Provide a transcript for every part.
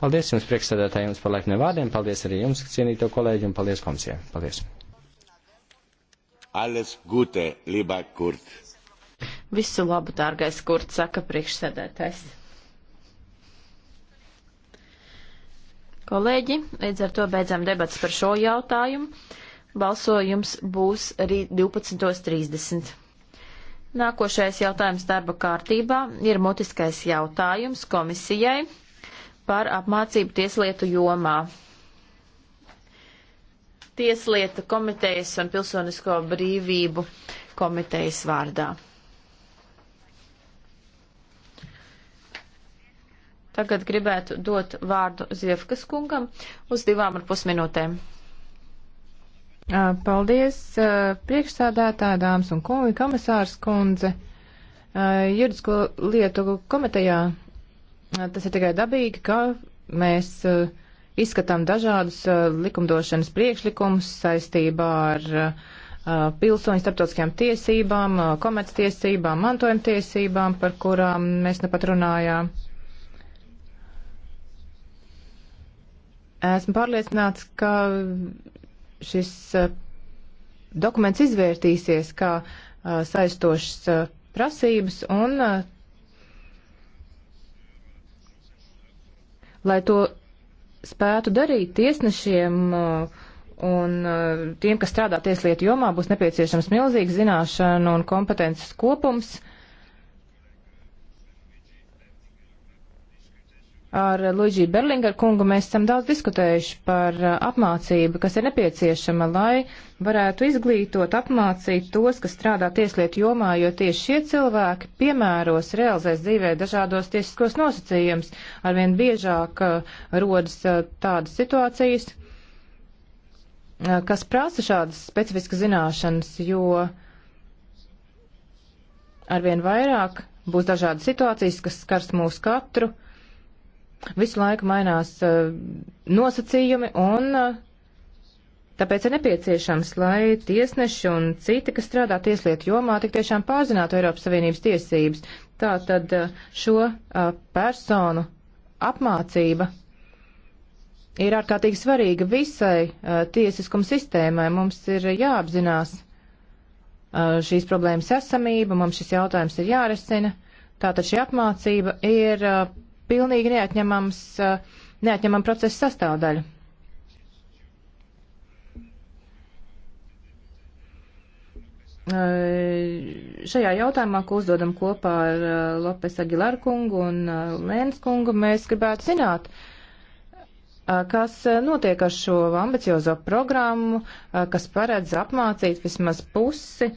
Paldies jums, priekšsēdētāji, jums par laikiem vārdiem. Paldies arī jums, cienīto kolēģi, un paldies komisijai. Paldies. Alles gute, liba Kurt. Visu labu, dārgais Kurt, saka priekšsēdētājs. Kolēģi, līdz ar to beidzam debats par šo jautājumu. Balsojums būs arī 12.30. Nākošais jautājums darba kārtībā ir mutiskais jautājums komisijai par apmācību tieslietu jomā. Tieslietu komitejas un pilsonisko brīvību komitejas vārdā. Tagad gribētu dot vārdu Ziefkas kungam uz divām ar pusminūtēm. Paldies, priekšsādātāji, dāmas un kungi, komisārs kundze, juridisko lietu komitejā tas ir tikai dabīgi, ka mēs uh, izskatām dažādus uh, likumdošanas priekšlikumus saistībā ar uh, pilsoņu starptautiskajām tiesībām, komerctiesībām, mantojumtiesībām, par kurām mēs nepat nu runājām. Esmu pārliecināts, ka šis dokuments izvērtīsies kā saistošs prasības un Lai to spētu darīt tiesnešiem uh, un uh, tiem, kas strādā tieslietu jomā, būs nepieciešams milzīgs zināšanu un kompetences kopums Ar Luģiju Berlingeru kungu mēs esam daudz diskutējuši par uh, apmācību, kas ir nepieciešama, lai varētu izglītot, apmācīt tos, kas strādā tieslietu jomā, jo tieši šie cilvēki piemēros realizēs dzīvē dažādos tiesiskos nosacījumus. Arvien biežāk uh, rodas uh, tādas situācijas, kas prasa šādas specifiskas zināšanas, jo arvien vairāk būs dažādas situācijas, kas skars mūs katru Visu laiku mainās eh, nosacījumi un eh, tāpēc ir nepieciešams, lai tiesneši un citi, kas strādā tieslietu jomā, tik tiešām pārzinātu Eiropas Savienības tiesības. Tā tad eh, šo personu apmācība ir ārkārtīgi svarīga visai uh, tiesiskuma sistēmai. Mums ir jāapzinās uh, šīs problēmas esamība, mums šis jautājums ir jārisina. Tātad šī apmācība ir uh, pilnīgi neatņemams, eh, neatņemama procesa sastāvdaļa. Eh, šajā jautājumā, ko uzdodam kopā ar eh, Lopes Aģilāru kungu un Lēnas kungu, mēs gribētu zināt, kas notiek ar šo ambiciozo programmu, kas paredz apmācīt vismaz pusi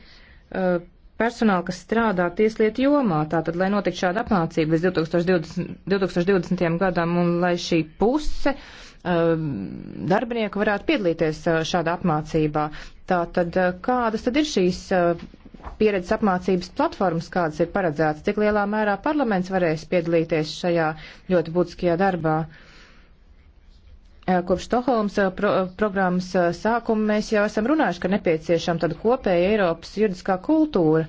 personāli, kas strādā tieslietu jomā. Tātad, lai notiktu šāda apmācība līdz 2020, 2020. gadam un lai šī puse uh, um, darbinieku varētu piedalīties uh, šādā apmācībā. Tātad, uh, kādas tad ir šīs uh, pieredzes apmācības platformas, kādas ir paredzētas, cik lielā mērā parlaments varēs piedalīties šajā ļoti būtiskajā darbā? Uh, Eh, kopš Stokholmas eh, pro, eh, programmas sākuma mēs jau esam runājuši, ka nepieciešama tāda kopēja Eiropas juridiskā kultūra.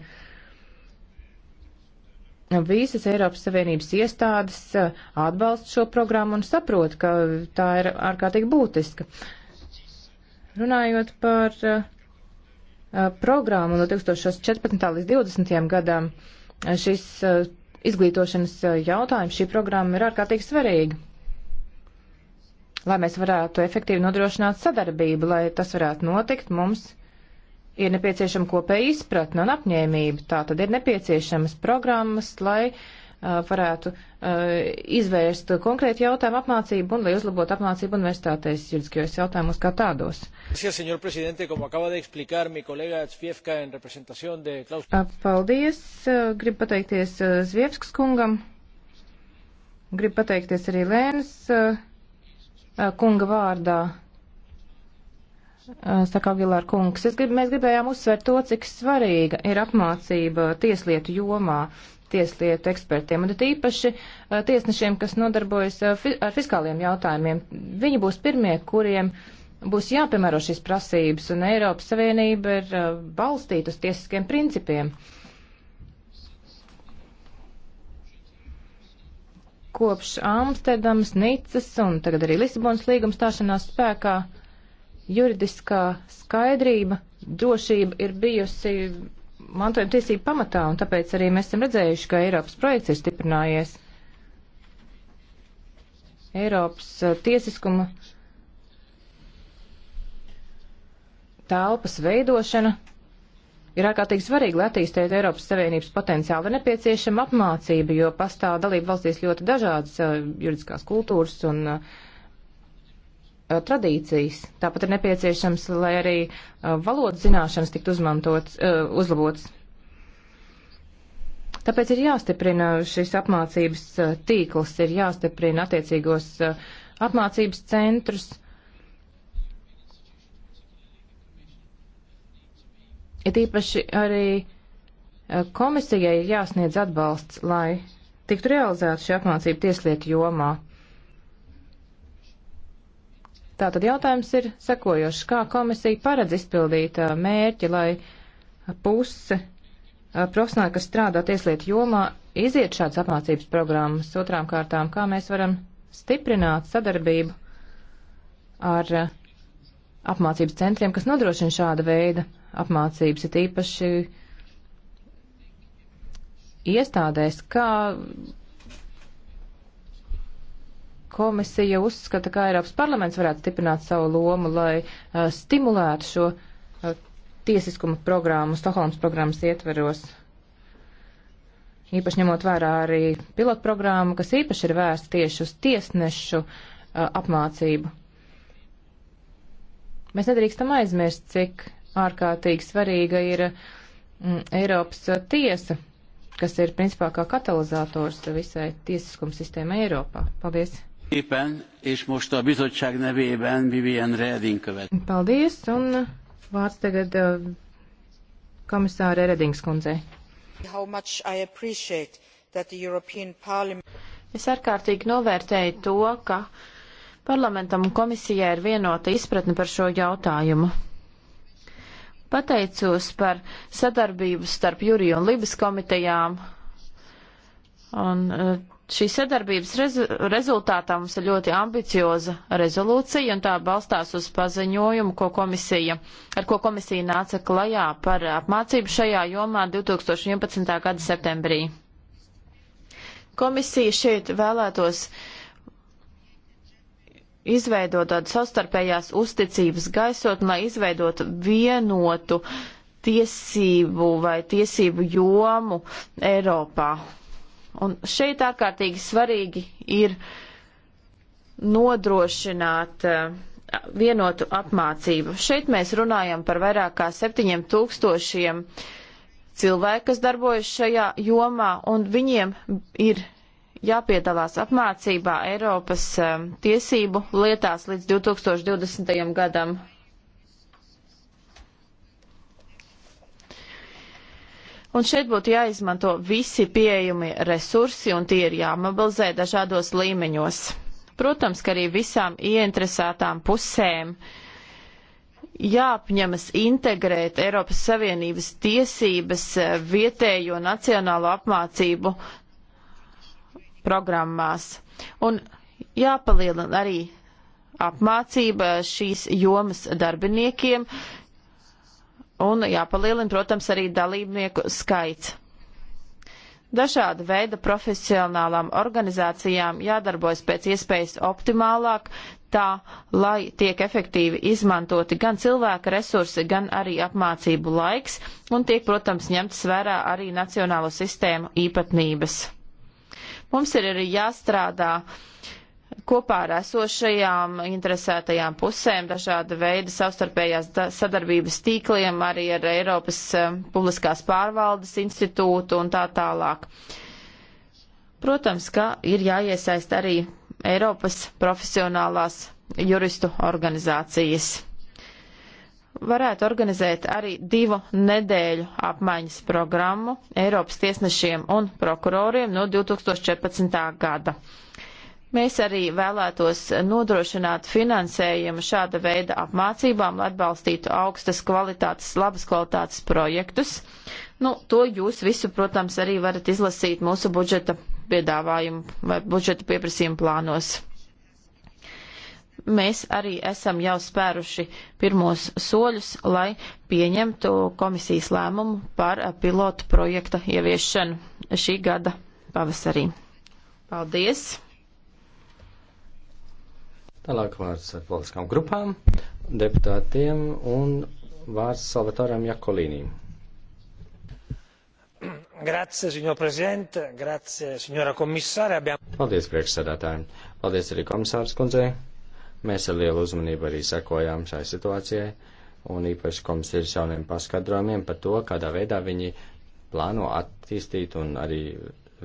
Visas Eiropas Savienības iestādes atbalsta šo programmu un saprot, ka tā ir ārkārtīgi būtiska. Runājot par programmu no 2014. līdz 2020. gadam, šis izglītošanas jautājums, šī programma ir ārkārtīgi svarīga Lai mēs varētu efektīvi nodrošināt sadarbību, lai tas varētu notikt, mums ir nepieciešama kopēja izpratne un apņēmība. Tā tad ir nepieciešamas programmas, lai uh, varētu uh, izvērst konkrēti jautājumu apmācību un lai uzlabotu apmācību universitātēs juridiskajos jautājumus kā tādos. Uh, paldies, uh, gribu pateikties uh, Zviefskas kungam, gribu pateikties arī Lēnas. Uh, Eh, kunga vārdā. Eh, saka Agilāra kungs, es grib, mēs gribējām uzsvērt to, cik svarīga ir apmācība tieslietu jomā tieslietu ekspertiem, un tīpaši eh, tiesnešiem, kas nodarbojas ar fiskāliem jautājumiem. Viņi būs pirmie, kuriem būs jāpiemēro šīs prasības, un Eiropas Savienība ir balstīta uz tiesiskiem principiem. Uh, kopš Amsterdamas, Nicas un tagad arī Lisabonas līguma stāšanās spēkā juridiskā skaidrība, drošība ir bijusi mantojuma tiesība pamatā, un tāpēc arī mēs esam redzējuši, ka Eiropas projekts ir stiprinājies. Eiropas eh, tiesiskuma telpas veidošana Ir ārkārtīgi svarīgi, lai attīstītu Eiropas Savienības potenciālu, ir nepieciešama apmācība, jo pastāv dalību valstīs ļoti dažādas uh, juridiskās kultūras un uh, tradīcijas. Tāpat ir nepieciešams, lai arī uh, valodas zināšanas tiktu uzmantotas, uh, uzlabotas. Tāpēc ir jāstiprina šis apmācības uh, tīkls, ir jāstiprina attiecīgos uh, apmācības centrus. Uh, It īpaši arī e, komisijai ir jāsniedz atbalsts, lai tiktu realizēta šī apmācība tieslietu jomā. Tātad jautājums ir sekojošs. Kā komisija paredz izpildīt e, mērķi, lai puse e, profesionāli, kas strādā tieslietu jomā, iziet šādas apmācības programmas? Otrām kārtām, kā mēs varam stiprināt sadarbību ar apmācības centriem, kas nodrošina šāda veida apmācības, ir īpaši iestādēs, kā komisija uzskata, kā Eiropas parlaments varētu stiprināt savu lomu, lai uh, stimulētu šo uh, tiesiskuma programmu, Stokholmas programmas ietveros. Īpaši ņemot vērā arī pilotu programmu, kas īpaši ir vērsta tieši uz tiesnešu uh, apmācību. Mēs nedrīkstam aizmirst, cik ārkārtīgi svarīga ir mm, Eiropas tiesa, kas ir principā kā katalizators visai tiesiskuma sistēmai Eiropā. Paldies! Éppen, és most a bizottság nevében Vivian Reding követ. Paldies, un vārds tagad uh, komisāra Redings kundzei. Parliament... Es ārkārtīgi novērtēju to, ka parlamentam un komisijai ir vienota izpratne par šo jautājumu. Pateicos par sadarbību starp Juriju un Libas komitejām. Un e, šī sadarbības rezu rezultātā mums ir ļoti ambicioza rezolūcija, un tā balstās uz paziņojumu, ko komisija, ar ko komisija nāca klajā par apmācību šajā jomā 2011. gada septembrī. Komisija šeit vēlētos uh, izveidot tādu savstarpējās uzticības gaisot, lai izveidotu vienotu tiesību vai tiesību jomu Eiropā. Un šeit ārkārtīgi svarīgi ir nodrošināt uh, vienotu apmācību. Šeit mēs runājam par vairāk kā septiņiem tūkstošiem cilvēku, kas darbojas šajā jomā, un viņiem ir jāpiedalās apmācībā Eiropas um, tiesību lietās līdz 2020. gadam. Un šeit būtu jāizmanto visi pieejami resursi, un tie ir jāmobilizē dažādos līmeņos. Protams, ka arī visām ieinteresētām pusēm jāapņemas integrēt Eiropas Savienības tiesības uh, vietējo nacionālo apmācību programmās. Un jāpalielina arī apmācība šīs jomas darbiniekiem un jāpalielina, protams, arī dalībnieku skaits. Dažāda veida profesionālām organizācijām jādarbojas pēc iespējas optimālāk, tā, lai tiek efektīvi izmantoti gan cilvēka resursi, gan arī apmācību laiks, un tiek, protams, ņemts vērā arī nacionālo sistēmu īpatnības. Mums ir arī jāstrādā kopā ar esošajām interesētajām pusēm, dažāda veida savstarpējās sadarbības tīkliem, arī ar Eiropas eh, publiskās pārvaldes institūtu un tā tālāk. Protams, ka ir jāiesaist arī Eiropas profesionālās juristu organizācijas varētu organizēt arī divu nedēļu apmaiņas programmu Eiropas tiesnešiem un prokuroriem no 2014. gada. Mēs arī vēlētos nodrošināt finansējumu šāda veida apmācībām, lai atbalstītu augstas kvalitātes, labas kvalitātes projektus. Nu, to jūs visu, protams, arī varat izlasīt mūsu budžeta piedāvājumu vai budžeta pieprasījumu plānos. Mēs arī esam jau spēruši pirmos soļus, lai pieņemtu komisijas lēmumu par uh, pilotu projekta ieviešanu šī gada pavasarī. Paldies! Tālāk vārds ar politiskām grupām, deputātiem un vārds Salvatoram Jakolīnīm. Grazie, signor Presidente, grazie, signora Komisāre. Abbiam... Paldies, priekšsēdētājiem. Paldies arī komisārs kundzei. Mēs ar lielu uzmanību arī sekojām šai situācijai un īpaši komisijas jauniem paskatrojumiem par to, kādā veidā viņi plāno attīstīt un arī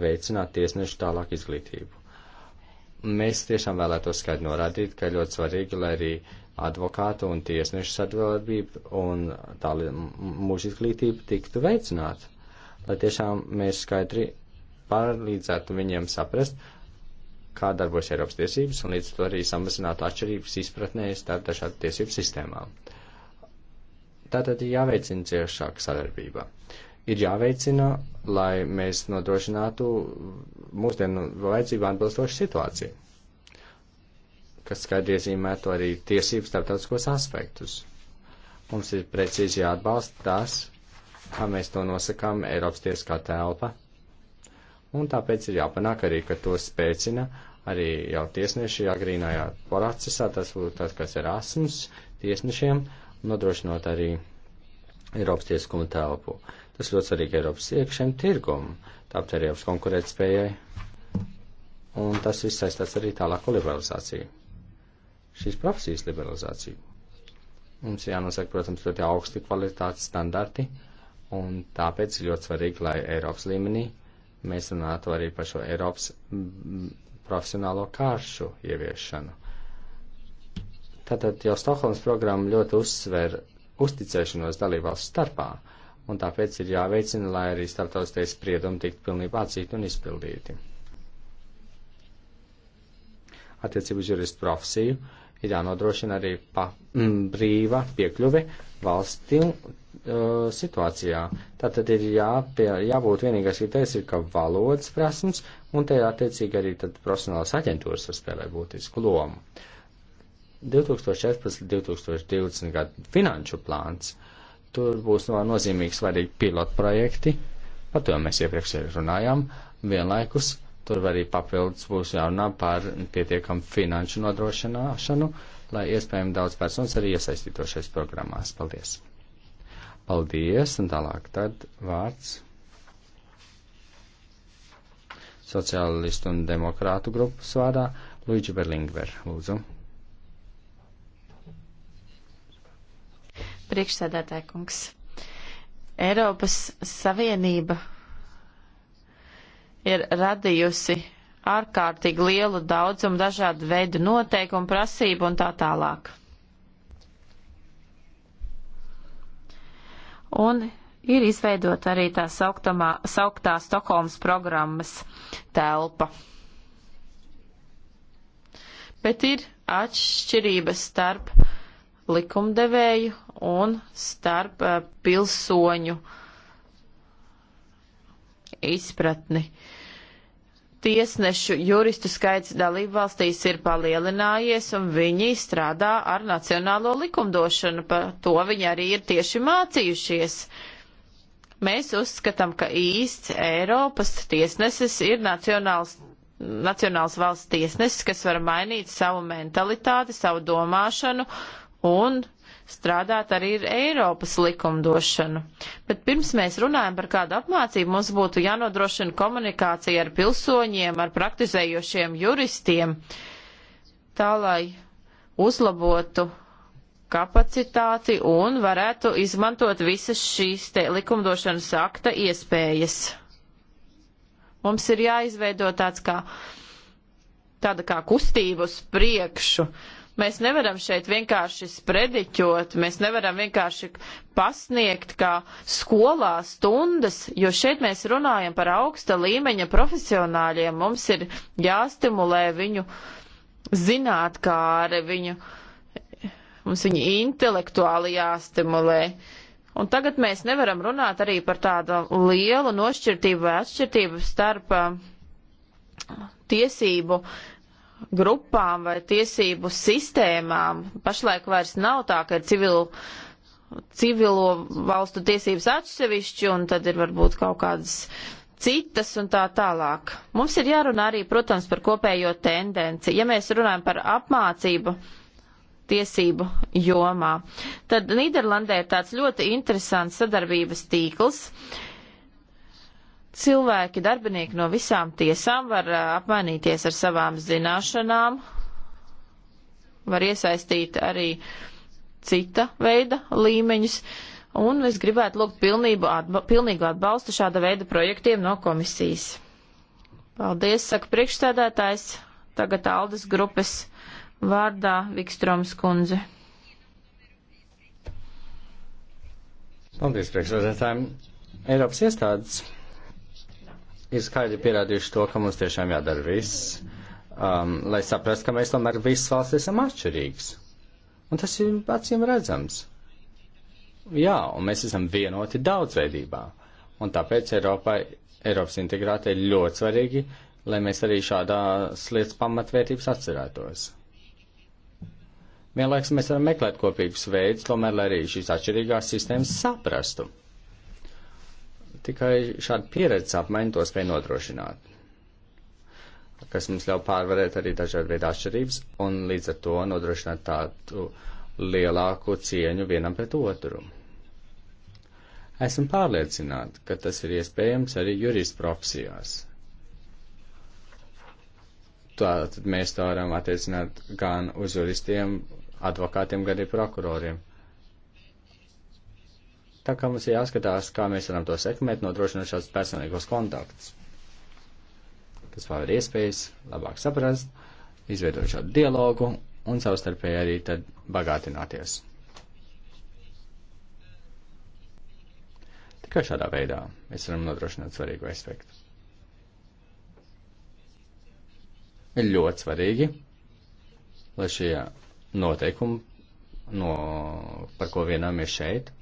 veicināt tiesnešu tālāk izglītību. Mēs tiešām vēlētos skaidri norādīt, ka ļoti svarīgi, lai arī advokātu un tiesnešu sadarbība un tā mūsu izglītība tiktu veicināta, lai tiešām mēs skaidri palīdzētu viņiem saprast, kā darbojas Eiropas tiesības un līdz to arī samazinātu atšķirības izpratnēs starp dažādu tiesību sistēmām. Tātad ir jāveicina ciešāka sadarbība. Ir jāveicina, lai mēs nodrošinātu mūsdienu vajadzību atbilstošu situāciju, kas skaidri iezīmētu arī tiesību starptautiskos aspektus. Mums ir precīzi jāatbalsta tas, kā mēs to nosakām Eiropas tieskā telpa un tāpēc ir jāpanāk arī, ka to spēcina arī jau tiesneši agrīnajā procesā, tas būtu tas, kas ir asms tiesnešiem, nodrošinot arī Eiropas tieskumu telpu. Tas ļoti svarīgi Eiropas iekšējiem tirgumam, tāpēc arī Eiropas konkurētspējai, un tas viss saistās arī tālāko liberalizāciju. Šīs profesijas liberalizāciju. Mums jānosaka, protams, ļoti augsti kvalitātes standarti, un tāpēc ļoti svarīgi, lai Eiropas līmenī mēs runātu arī par šo Eiropas profesionālo kāršu ieviešanu. Tātad jau Stokholmas programma ļoti uzsver uzticēšanos dalībvalstu starpā, un tāpēc ir jāveicina, lai arī starptautiskie spriedumi tiktu pilnībā atzīti un izpildīti. Attiecību uz juristu profesiju ir jānodrošina arī pa, m, brīva piekļuve valstīm uh, situācijā. Tātad ir jāpie, jābūt vienīgais kriterijs ir, ka valodas prasmes, un te attiecīgi arī tad profesionālās aģentūras var spēlēt būtisku lomu. 2014-2020 gadu finanšu plāns, tur būs no nozīmīgi svarīgi pilotprojekti, par to mēs iepriekš arī runājām, vienlaikus tur arī papildus būs jārunā par pietiekamu finanšu nodrošināšanu, lai iespējami daudz personas arī iesaistītošies programmās. Paldies! Paldies, un tālāk tad vārds sociālistu un demokrātu grupas vārdā Luigi Berlingver, lūdzu. Priekšsēdētāja kungs. Eiropas Savienība ir radījusi ārkārtīgi lielu daudzumu dažādu veidu noteikumu, prasību un tā tālāk. un ir izveidota arī tā sauktamā, sauktā Stokholmas programmas telpa. Bet ir atšķirības starp likumdevēju un starp uh, pilsoņu izpratni. Uh, tiesnešu juristu skaits dalību valstīs ir palielinājies un viņi strādā ar nacionālo likumdošanu, par to viņi arī ir tieši mācījušies. Mēs uzskatām, ka īsts Eiropas tiesnesis ir nacionāls, nacionāls valsts tiesnesis, kas var mainīt savu mentalitāti, savu domāšanu un strādāt arī ar Eiropas likumdošanu. Bet pirms mēs runājam par kādu apmācību, mums būtu jānodrošina komunikācija ar pilsoņiem, ar praktizējošiem juristiem, tā lai uzlabotu kapacitāti un varētu izmantot visas šīs te likumdošanas akta iespējas. Mums ir jāizveido tāds kā, tāda kā kustība uz priekšu. Uh, Mēs nevaram šeit vienkārši sprediķot, mēs nevaram vienkārši pasniegt kā skolā stundas, jo šeit mēs runājam par augsta līmeņa profesionāļiem. Mums ir jāstimulē viņu zinātkāre, viņu, mums viņu intelektuāli jāstimulē. Un tagad mēs nevaram runāt arī par tādu lielu nošķirtību vai atšķirtību starp um, tiesību uh, grupām vai tiesību sistēmām. Pašlaik vairs nav tā, ka ir civilu, civilo valstu tiesības atsevišķi un tad ir varbūt kaut kādas citas un tā tālāk. Mums ir jārunā arī, protams, par kopējo tendenci. Ja mēs runājam par apmācību tiesību jomā, tad Nīderlandē ir tāds ļoti interesants sadarbības tīkls. Uh, Cilvēki, darbinieki no visām tiesām var eh, apmainīties ar savām zināšanām, var iesaistīt arī cita veida līmeņus, un es gribētu lūgt pilnību atba pilnīgu atbalstu šāda veida projektiem no komisijas. Paldies, saka priekšstādātājs, tagad Aldas grupas vārdā Vikstroms kundze. Paldies, priekšsēdētājiem. Eiropas iestādes ir skaidri pierādījuši to, ka mums tiešām jādara viss, um, lai saprastu, ka mēs tomēr visas valsts esam atšķirīgs. Un tas ir acīm redzams. Jā, un mēs esam vienoti daudzveidībā. Un tāpēc Eiropai, Eiropas integrāte ir ļoti svarīgi, lai mēs arī šādās lietas pamatvērtības atcerētos. Vienlaiks mēs varam meklēt kopīgus veidus, tomēr, lai arī šīs atšķirīgās sistēmas saprastu. Tikai šāda pieredzes apmaiņa to spēj nodrošināt, kas mums ļauj pārvarēt arī dažādu veidu atšķirības un līdz ar to nodrošināt tādu lielāku cieņu vienam pret otru. Esmu pārliecināta, ka tas ir iespējams arī juristu profesijās. Tātad mēs to varam attiecināt gan uz juristiem, advokātiem, gan arī prokuroriem. Tā kā mums ir jāskatās, kā mēs varam to sekmēt, nodrošinot šādus personīgos kontaktus. Tas vēl ir iespējas labāk saprast, izveidot šādu dialogu un savstarpēji arī tad bagātināties. Tikai šādā veidā mēs varam nodrošināt svarīgu aspektu. Ir ļoti svarīgi, lai šie noteikumi, no, par ko vienojamies šeit,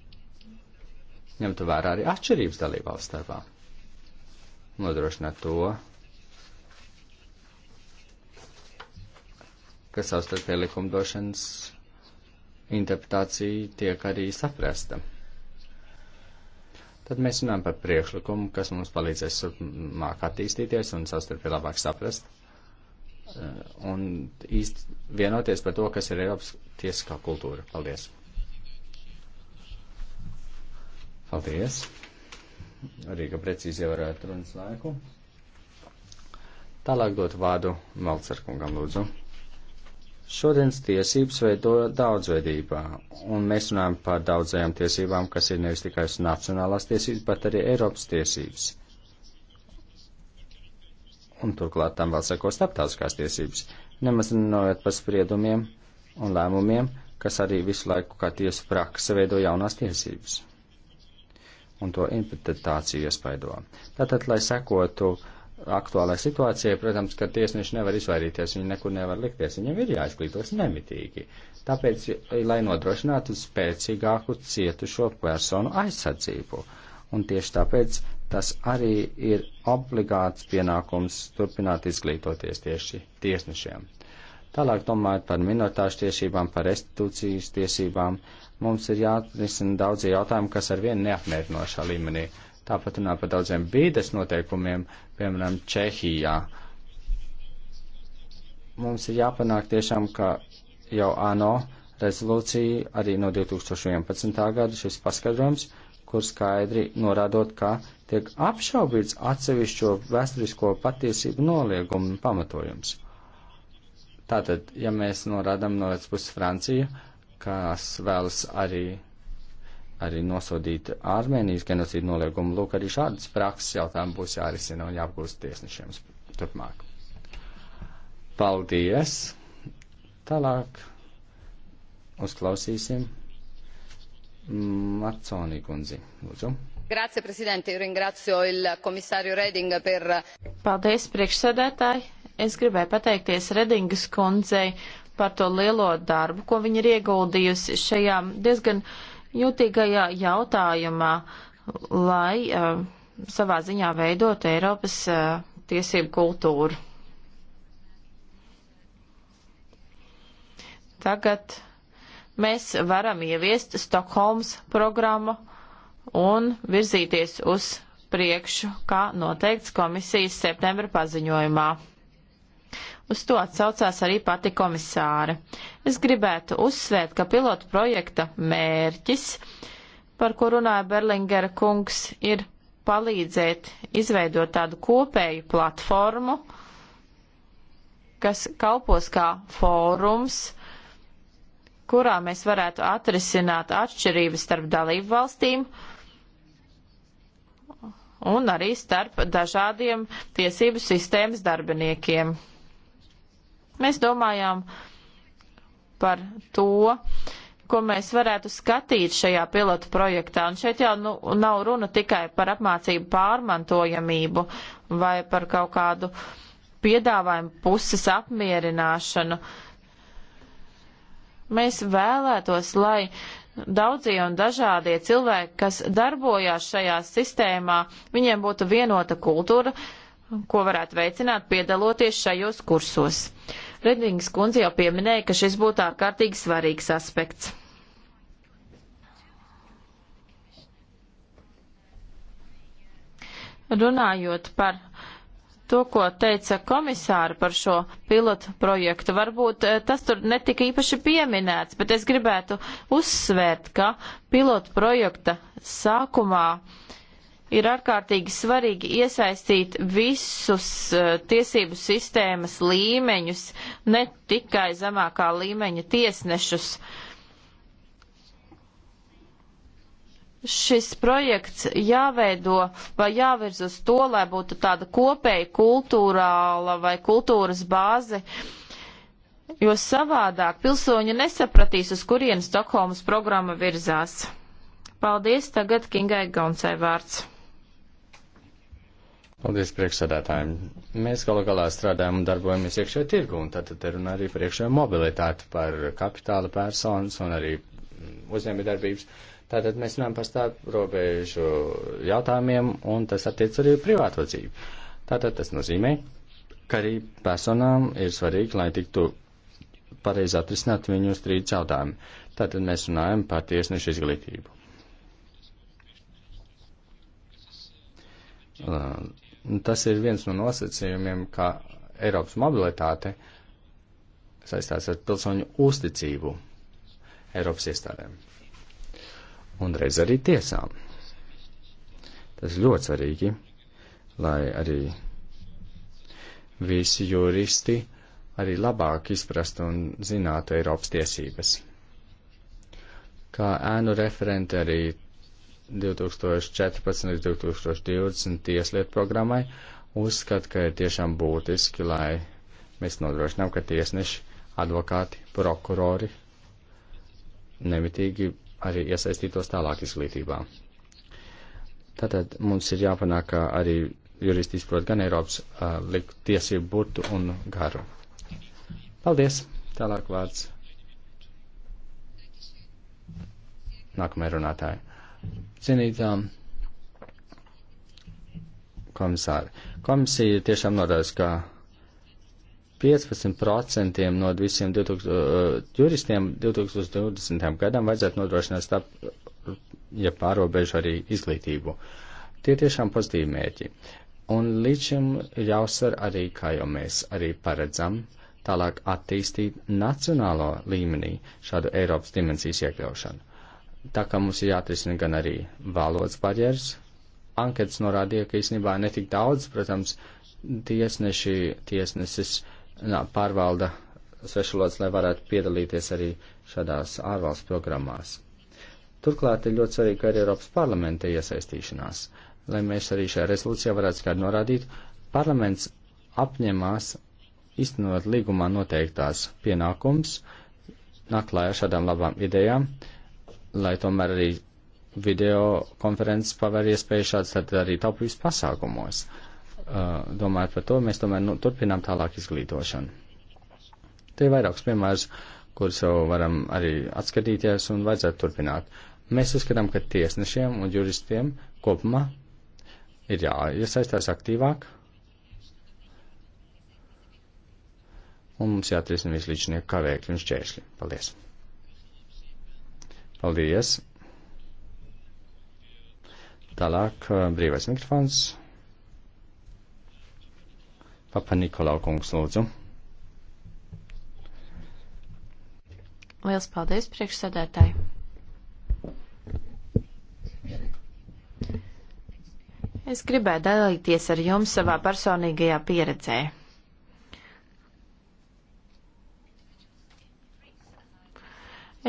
ņemtu vērā arī atšķirības dalībvalsts starpā. Nodrošināt to, ka savstarpēji likumdošanas interpretācija tiek arī saprasta. Tad mēs runājam par priekšlikumu, kas mums palīdzēs māk attīstīties un savstarpēji labāk saprast. Eh, un īsti vienoties par to, kas ir Eiropas tiesiskā kultūra. Paldies! Paldies! Arī, ka precīzi ievērētu runas laiku. Tālāk dot vārdu Malcerkungam, lūdzu. Šodienas tiesības veido daudzveidībā, un mēs runājam par daudzajām tiesībām, kas ir nevis tikai nacionālās tiesības, bet arī Eiropas tiesības. Un turklāt tam vēl seko starptautiskās tiesības, nemaz runājot par spriedumiem un lēmumiem, kas arī visu laiku kā tiesu praksa veido jaunās tiesības un to interpretāciju iespaido. Tātad, lai sekotu aktuālai situācijai, protams, ka tiesneši nevar izvairīties, viņi nekur nevar likties, viņam ir jāizglītos nemitīgi. Tāpēc, lai nodrošinātu spēcīgāku cietušo personu aizsardzību. Un tieši tāpēc tas arī ir obligāts pienākums turpināt izglītoties tieši tiesnešiem. Tālāk domājot par minoritāšu tiesībām, par restitūcijas tiesībām, uh, mums ir jāatrisina daudzi jautājumi, kas ar vienu neapmierinošā līmenī. Tāpat runā par daudziem bīdes noteikumiem, piemēram, Čehijā. Mums ir jāpanāk tiešām, ka jau ANO rezolūcija arī no 2011. gada šis paskaidrojums, kur skaidri norādot, ka tiek apšaubīts atsevišķo vēsturisko patiesību noliegumu pamatojums. Tātad, ja mēs norādām no vienas puses Franciju, kas vēlas arī, arī nosodīt Armēnijas genocīdu noliegumu. Lūk, arī šādas prakses jautājumi būs jārisina un jāapgūst tiesnešiem turpmāk. Paldies! Tālāk uzklausīsim Mazzoni kundzi. Lūdzu. Grazie, Presidente. Io ringrazio il commissario Reding per. Paldies, priekšsēdētāji. Es gribēju pateikties Redingas kundzei par to lielo darbu, ko viņa ir ieguldījusi šajā diezgan jūtīgajā jautājumā, lai uh, savā ziņā veidot Eiropas uh, tiesību kultūru. Tagad mēs varam ieviest Stokholmas programmu un virzīties uz priekšu, kā noteikts komisijas septembra paziņojumā. Uz to atsaucās arī pati komisāre. Es gribētu uzsvērt, ka pilotu projekta mērķis, par ko runāja Berlingera kungs, ir palīdzēt izveidot tādu kopēju platformu, kas kalpos kā fórums, kurā mēs varētu atrisināt atšķirības starp dalību valstīm un arī starp dažādiem tiesību sistēmas darbiniekiem. Mēs domājām par to, ko mēs varētu skatīt šajā pilotu projektā. Un šeit jau nu, nav runa tikai par apmācību pārmantojamību vai par kaut kādu piedāvājumu puses apmierināšanu. Mēs vēlētos, lai daudzie un dažādie cilvēki, kas darbojās šajā sistēmā, viņiem būtu vienota kultūra, uh, ko varētu veicināt piedaloties šajos kursos. Redvings kundze jau pieminēja, ka šis būtu ārkārtīgi svarīgs aspekts. Runājot par to, ko teica komisāra par šo pilotu projektu, varbūt eh, tas tur netika īpaši pieminēts, bet es gribētu uzsvērt, ka pilotu projekta sākumā uh, ir ārkārtīgi svarīgi iesaistīt visus eh, tiesību sistēmas līmeņus, ne tikai zemākā līmeņa tiesnešus. Šis projekts jāveido vai jāvirz uz to, lai būtu tāda kopēja kultūrāla vai kultūras bāze, jo savādāk pilsoņi nesapratīs, uz kurienes Stokholmas programma virzās. Paldies tagad Kingai Gauncai vārds. Paldies priekšsādātājiem. Mēs galu galā strādājam un darbojamies iekšējā tirgu, un tad te runā arī par iekšējo mobilitāti, par kapitāla personas un arī uzņēmē darbības. Tātad mēs runājam par starp robežu jautājumiem, un tas attiec arī privāto dzīvi. Tātad tas nozīmē, ka arī personām ir svarīgi, lai tiktu pareizi atrisināt viņu strīdus jautājumu. Tātad mēs runājam par tiesnešu izglītību. Tas ir viens no nosacījumiem, kā Eiropas mobilitāte saistās ar pilsoņu uzticību Eiropas iestādēm un reiz arī tiesām. Tas ļoti svarīgi, lai arī visi juristi arī labāk izprastu un zinātu Eiropas tiesības. Kā ēnu referente arī 2014 līdz 2020 tieslietu programmai uzskata, ka ir tiešām būtiski, lai mēs nodrošinām, ka tiesneši, advokāti, prokurori nemitīgi arī iesaistītos tālāk izglītībā. Tātad mums ir jāpanāk, ka arī juristi izprot gan Eiropas uh, liku tiesību burtu un garu. Paldies! Tālāk vārds. Nākamajai runātāji cienītām komisāri. Komisija tiešām norāda, ka 15% no visiem 2000, uh, juristiem 2020. gadam vajadzētu nodrošināt starp, ja pārobežu arī izglītību. Tie tiešām pozitīvi mērķi. Un līdz šim jāuzsver arī, kā jau mēs arī paredzam, tālāk attīstīt nacionālo līmenī šādu Eiropas dimensijas iekļaušanu. Tā kā mums ir jāatrisina gan arī valodas barjeras. Anketas norādīja, ka īstenībā netik daudz, protams, tiesneši, tiesnesis nā, pārvalda svešvalodas, lai varētu piedalīties arī šādās ārvalstu programmās. Turklāt ir ļoti svarīga arī Eiropas parlamenta iesaistīšanās, lai mēs arī šajā rezolūcijā varētu skaidri norādīt, parlaments apņemās iztenot līgumā noteiktās pienākums, nāk klājā šādām labām idejām, uh, lai tomēr arī video konferences paver iespēju šāds tad arī taupības pasākumos. Uh, domājot par to, mēs tomēr nu, turpinām tālāk izglītošanu. Te ir vairāks piemērs, kurus jau varam arī atskatīties un vajadzētu turpināt. Mēs uzskatām, ka tiesnešiem un juristiem kopumā ir jāiesaistās aktīvāk. Un mums jāatrisina vislīdzinie kavēkļi un šķēršļi. Paldies! Paldies! Tālāk uh, brīvais mikrofons. Papa Nikolau kungs lūdzu. Liels paldies priekšsēdētāji. Es gribēju dalīties ar jums savā personīgajā pieredzē.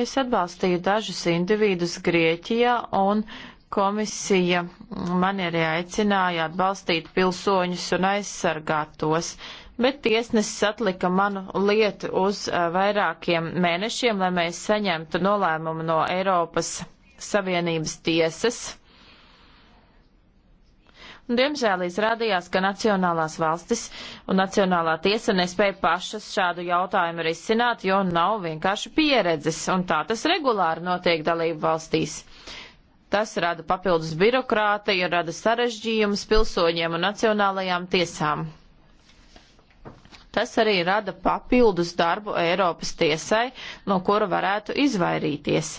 Es atbalstīju dažus individus Grieķijā un komisija man arī aicināja atbalstīt pilsoņus un aizsargāt tos, bet tiesnesis atlika manu lietu uz vairākiem mēnešiem, lai mēs saņemtu nolēmumu no Eiropas Savienības tiesas. Diemžēl izrādījās, ka nacionālās valstis un nacionālā tiesa nespēja pašas šādu jautājumu risināt, jo nav vienkārši pieredzes, un tā tas regulāri notiek dalību valstīs. Tas rada papildus birokrātiju, rada sarežģījumus pilsoņiem un nacionālajām tiesām. Tas arī rada papildus darbu Eiropas tiesai, no kura varētu izvairīties.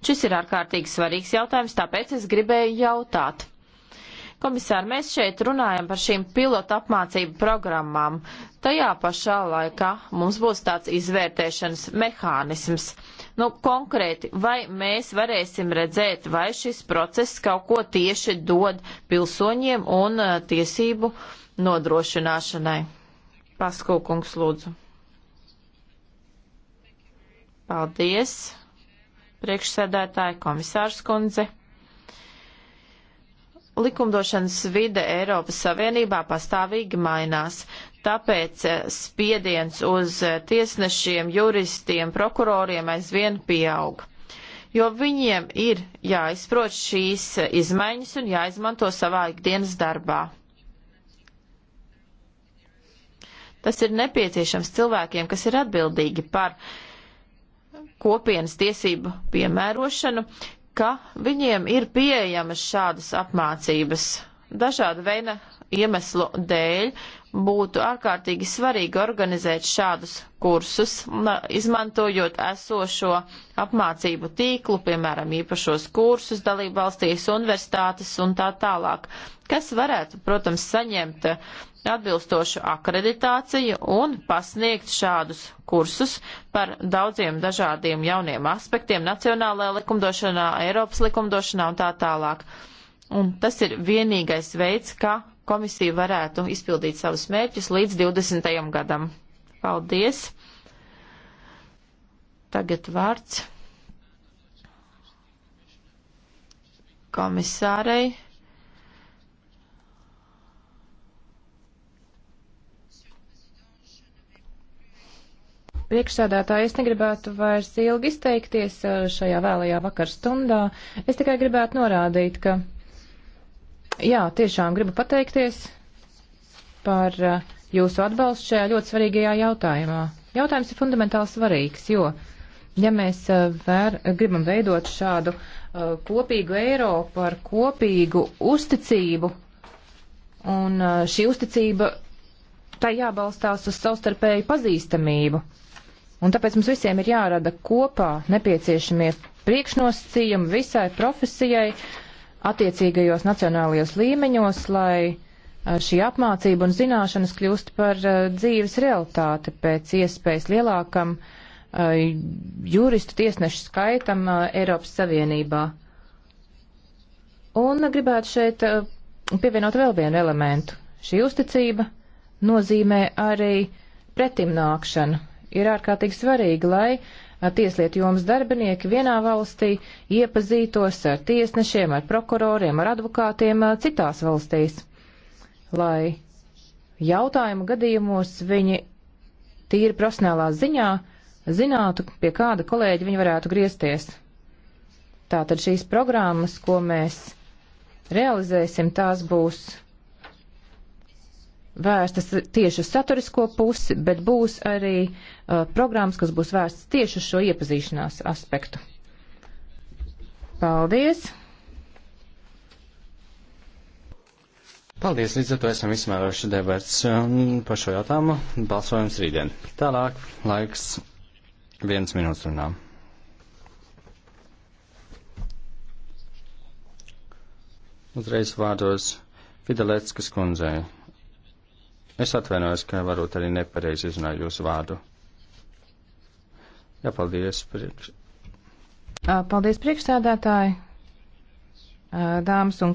Šis ir ārkārtīgi svarīgs jautājums, tāpēc es gribēju jautāt. Komisār, mēs šeit runājam par šīm pilotu apmācību programmām. Tajā pašā laikā mums būs tāds izvērtēšanas mehānisms. Nu, konkrēti, vai mēs varēsim redzēt, vai šis process kaut ko tieši dod pilsoņiem un uh, tiesību nodrošināšanai? Paskūkungs, lūdzu. Paldies, priekšsēdētāji komisārs kundze likumdošanas vide Eiropas Savienībā pastāvīgi mainās. Tāpēc eh, spiediens uz eh, tiesnešiem, juristiem, prokuroriem aizvien pieaug. Jo viņiem ir jāizprot šīs eh, izmaiņas un jāizmanto savā ikdienas darbā. Tas ir nepieciešams cilvēkiem, kas ir atbildīgi par kopienas tiesību piemērošanu, ka viņiem ir pieejamas šādas apmācības dažāda veida iemeslu dēļ būtu ārkārtīgi svarīgi organizēt šādus kursus, izmantojot esošo apmācību tīklu, piemēram, īpašos kursus dalību valstīs, universitātes un tā tālāk, kas varētu, protams, saņemt atbilstošu akreditāciju un pasniegt šādus kursus par daudziem dažādiem jauniem aspektiem nacionālajā likumdošanā, Eiropas likumdošanā un tā tālāk. Un tas ir vienīgais veids, kā komisija varētu izpildīt savus mērķus līdz 20. gadam. Paldies! Tagad vārds komisārei. Priekšsēdētāji, es negribētu vairs ilgi izteikties eh, šajā vēlajā vakar stundā. Es tikai gribētu norādīt, ka Jā, tiešām gribu pateikties par uh, jūsu atbalstu šajā ļoti svarīgajā jautājumā. Jautājums ir fundamentāli svarīgs, jo, ja mēs uh, vēr, gribam veidot šādu uh, kopīgu Eiropu ar kopīgu uzticību, un uh, šī uzticība tai jābalstās uz savstarpēju pazīstamību, un tāpēc mums visiem ir jārada kopā nepieciešamie priekšnosacījumi visai profesijai, uh, attiecīgajos nacionālajos līmeņos, lai eh, šī apmācība un zināšanas kļūst par eh, dzīves realitāti pēc iespējas lielākam eh, juristu tiesnešu skaitam Eiropas Savienībā. Un gribētu šeit pievienot vēl vienu elementu. Šī uzticība nozīmē arī pretimnākšanu. Ir ārkārtīgi svarīgi, lai tieslietu jomas darbinieki vienā valstī iepazītos ar tiesnešiem, ar prokuroriem, ar advokātiem citās valstīs, lai jautājumu gadījumos viņi tīri profesionālā ziņā zinātu, pie kāda kolēģa viņi varētu griezties. Tātad šīs programmas, ko mēs realizēsim, tās būs vērstas tieši uz saturisko pusi, bet būs arī uh, programmas, kas būs vērstas tieši uz šo iepazīšanās aspektu. Paldies! Paldies, līdz ar to esam izsmēroši debats um, par šo jautājumu. Balsojums rītdien. Tālāk laiks viens minūtes runām. Uzreiz vārdos Fidelētskas kundzei. Es atvainojos, ka varbūt arī nepareizi izrunāju jūsu vārdu. Jā, paldies, priekš. Paldies, priekšsēdētāji, dāmas un